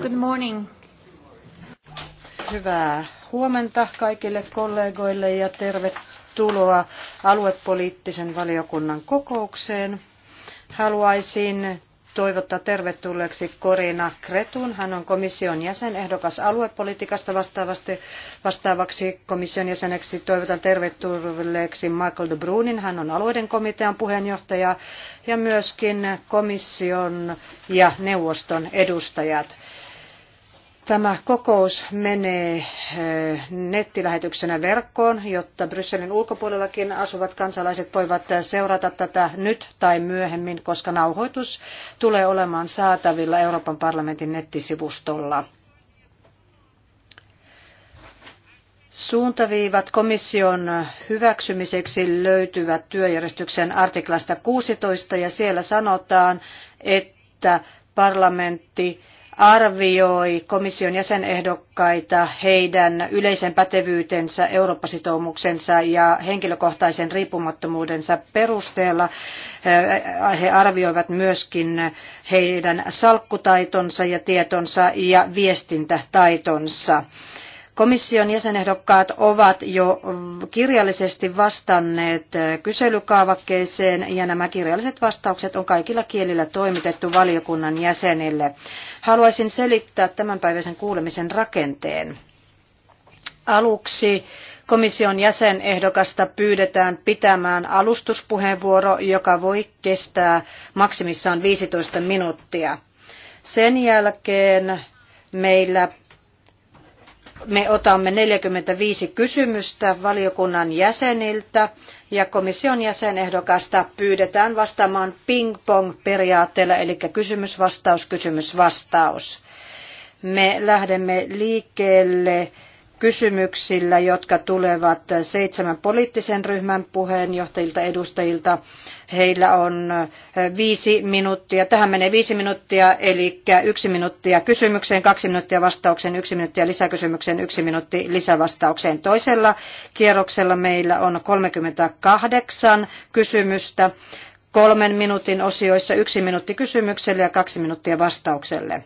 Good morning. Hyvää huomenta kaikille kollegoille ja tervetuloa aluepoliittisen valiokunnan kokoukseen. Haluaisin toivottaa tervetulleeksi Korina Kretun. Hän on komission jäsen ehdokas aluepolitiikasta vastaavasti, vastaavaksi komission jäseneksi. Toivotan tervetulleeksi Michael de Brunin. Hän on alueiden komitean puheenjohtaja ja myöskin komission ja neuvoston edustajat. Tämä kokous menee eh, nettilähetyksenä verkkoon, jotta Brysselin ulkopuolellakin asuvat kansalaiset voivat eh, seurata tätä nyt tai myöhemmin, koska nauhoitus tulee olemaan saatavilla Euroopan parlamentin nettisivustolla. Suuntaviivat komission hyväksymiseksi löytyvät työjärjestyksen artiklasta 16 ja siellä sanotaan, että parlamentti arvioi komission jäsenehdokkaita heidän yleisen pätevyytensä, Eurooppa-sitoumuksensa ja henkilökohtaisen riippumattomuudensa perusteella. He arvioivat myöskin heidän salkkutaitonsa ja tietonsa ja viestintätaitonsa. Komission jäsenehdokkaat ovat jo kirjallisesti vastanneet kyselykaavakkeeseen ja nämä kirjalliset vastaukset on kaikilla kielillä toimitettu valiokunnan jäsenille. Haluaisin selittää tämänpäiväisen kuulemisen rakenteen. Aluksi komission jäsenehdokasta pyydetään pitämään alustuspuheenvuoro, joka voi kestää maksimissaan 15 minuuttia. Sen jälkeen meillä me otamme 45 kysymystä valiokunnan jäseniltä ja komission jäsenehdokasta pyydetään vastaamaan ping-pong-periaatteella, eli kysymys-vastaus, kysymys-vastaus. Me lähdemme liikkeelle kysymyksillä, jotka tulevat seitsemän poliittisen ryhmän puheenjohtajilta edustajilta Heillä on viisi minuuttia. Tähän menee viisi minuuttia, eli yksi minuuttia kysymykseen, kaksi minuuttia vastaukseen, yksi minuuttia lisäkysymykseen, yksi minuutti lisävastaukseen. Toisella kierroksella meillä on 38 kysymystä kolmen minuutin osioissa, yksi minuutti kysymykselle ja kaksi minuuttia vastaukselle.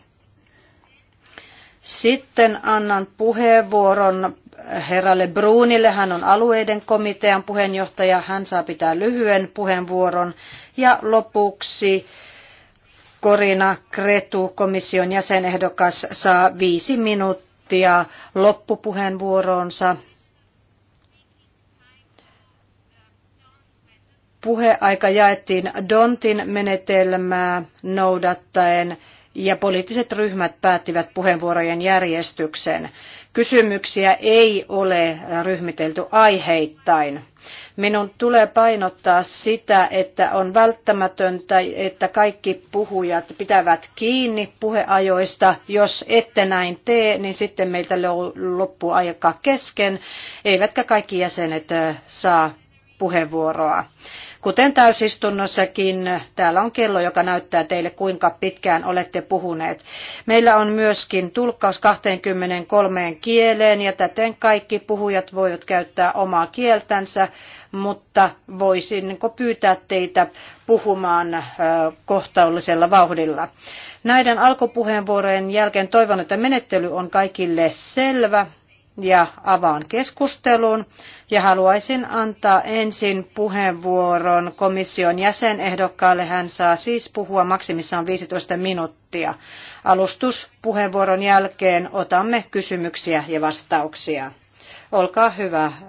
Sitten annan puheenvuoron herralle Bruunille. Hän on alueiden komitean puheenjohtaja. Hän saa pitää lyhyen puheenvuoron. Ja lopuksi Korina Kretu, komission jäsenehdokas, saa viisi minuuttia loppupuheenvuoroonsa. Puheaika jaettiin Dontin menetelmää noudattaen ja poliittiset ryhmät päättivät puheenvuorojen järjestyksen. Kysymyksiä ei ole ryhmitelty aiheittain. Minun tulee painottaa sitä, että on välttämätöntä, että kaikki puhujat pitävät kiinni puheajoista. Jos ette näin tee, niin sitten meiltä loppuu aika kesken, eivätkä kaikki jäsenet äh, saa puheenvuoroa. Kuten täysistunnossakin, täällä on kello, joka näyttää teille, kuinka pitkään olette puhuneet. Meillä on myöskin tulkkaus 23 kieleen ja täten kaikki puhujat voivat käyttää omaa kieltänsä, mutta voisinko pyytää teitä puhumaan kohtaullisella vauhdilla. Näiden alkupuheenvuorojen jälkeen toivon, että menettely on kaikille selvä ja avaan keskustelun ja haluaisin antaa ensin puheenvuoron komission jäsenehdokkaalle. Hän saa siis puhua maksimissaan 15 minuuttia. Alustuspuheenvuoron jälkeen otamme kysymyksiä ja vastauksia. Olkaa hyvä,